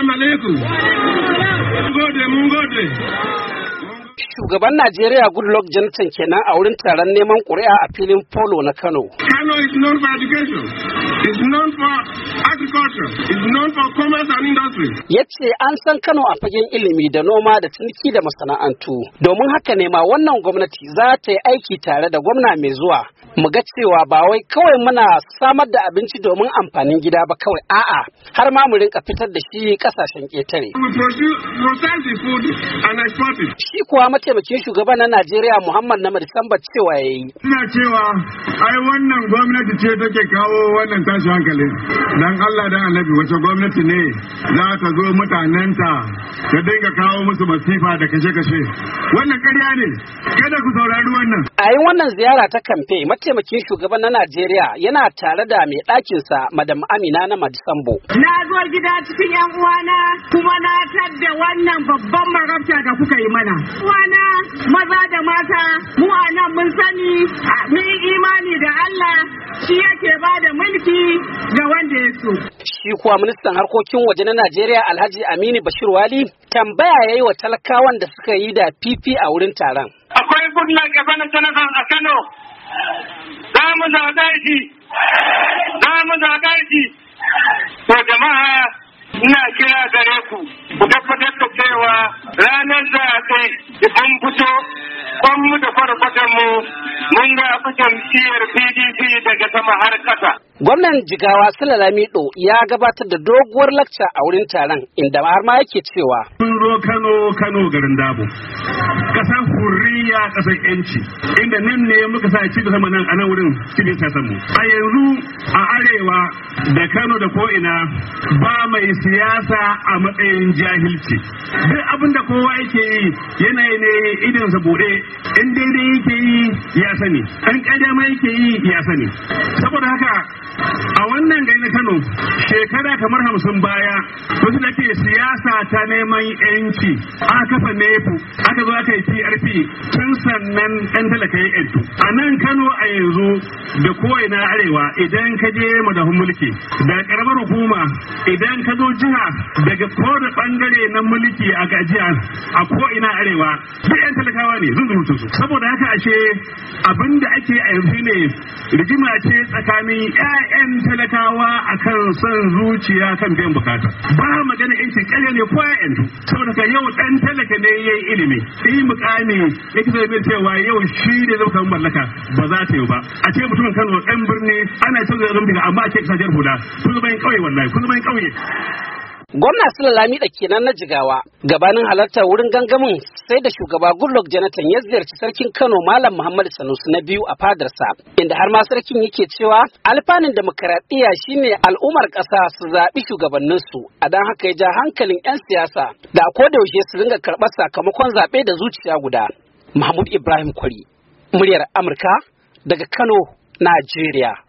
Assalamu alaikum. a gode, mun shugaban Najeriya Goodluck Jonathan kenan a wurin taron neman ƙuri'a a filin Polo na Kano. Kano is known for education, is known for agriculture, is known for commerce and industry. Ya ce an san Kano a fagen ilimi da noma da ciniki da masana'antu. Domin haka ne ma wannan gwamnati za ta yi aiki tare da gwamna mai zuwa. Mu ga cewa ba wai kawai muna samar da abinci domin amfanin gida ba kawai a'a har ma mu rinka fitar da shi kasashen ƙetare. Shi kuwa mata mataimakin shugaba na Najeriya Muhammad Namir Samba cewa ya yi. Ina cewa ai wannan gwamnati ce take kawo wannan tashi hankali. Dan Allah dan Annabi wace gwamnati ne za ta zo mutanenta ta dinga kawo musu masifa da kashe-kashe. Wannan ƙarya ne. Kada ku saurari wannan. A yin wannan ziyara ta kamfe mataimakin shugaban na Najeriya yana tare da mai ɗakinsa Madam Amina na Madisambo. Na zo gida cikin 'yan uwana kuma na ta da wannan babban marabta da kuka yi mana. Wana maza da mata mu a nan mun sani mun imani da Allah shi yake ba da mulki ga wanda ya so. Shi kuwa ministan harkokin waje na Najeriya Alhaji Aminu Bashir Wali tambaya ya yi wa talakawan da suka yi da fifi a wurin taron. Akwai a Kano. Za mu zaga shi. Za mu zaga an fito kwanmu da kwarkwatan mu mun ga fi siyar PDP daga sama har kasa Gwamnan Jigawa Sula Lamido ya gabatar da doguwar lakca a wurin taron inda har ma yake cewa. Sun Kano Kano garin Dabo. Kasar hurriya kasar yanci inda nan ne muka sa ci sama nan a nan wurin cikin sasanmu. A yanzu a arewa da Kano da ko'ina ba mai siyasa a matsayin jahilci. Duk abin da kowa yake yi yanayi ne idinsa bude in daidai yake yi ya sani ɗan ƙarya ma yake yi ya sani saboda haka a wannan gari na kano shekara kamar hamsin baya wasu da ke siyasa ta neman yanci a kafa nefu aka zo aka yi prp tun sannan ɗan talaka ya a nan kano a yanzu da na arewa idan ka je madahun mulki da karamar hukuma idan ka zo jiha daga kowane bangare na mulki a gajiya a ko'ina arewa duk yan talakawa ne zun su saboda haka ashe abin da ake yanzu ne rigima ce tsakanin ƴaƴan talakawa a kan son zuciya kan biyan bukata ba magana yanci ƙarya ne ko ƴaƴan saboda ka yau ɗan talaka ne ya yi ilimi sai mukami ki zai cewa yau shi ne zai mallaka ba za ta yi ba a ce mutumin Kano ɗan birni ana cin zarafin daga amma a ce kasajar huda kun zama yin kauye wallahi kun zama yin kauye Gwamna Sula Lamida kenan na Jigawa gabanin halartar wurin gangamin sai da shugaba Goodluck Jonathan ya ziyarci sarkin Kano Malam Muhammadu Sanusi na biyu a fadarsa inda har ma sarkin yake cewa alfanun demokaradiyya shine al'ummar ƙasa su zaɓi shugabanninsu a dan haka ya ja hankalin 'yan siyasa da a kodayaushe su dinga karɓar sakamakon zaɓe da zuciya guda. Mahmud Ibrahim Kwari, muryar Amurka daga Kano, Najeriya.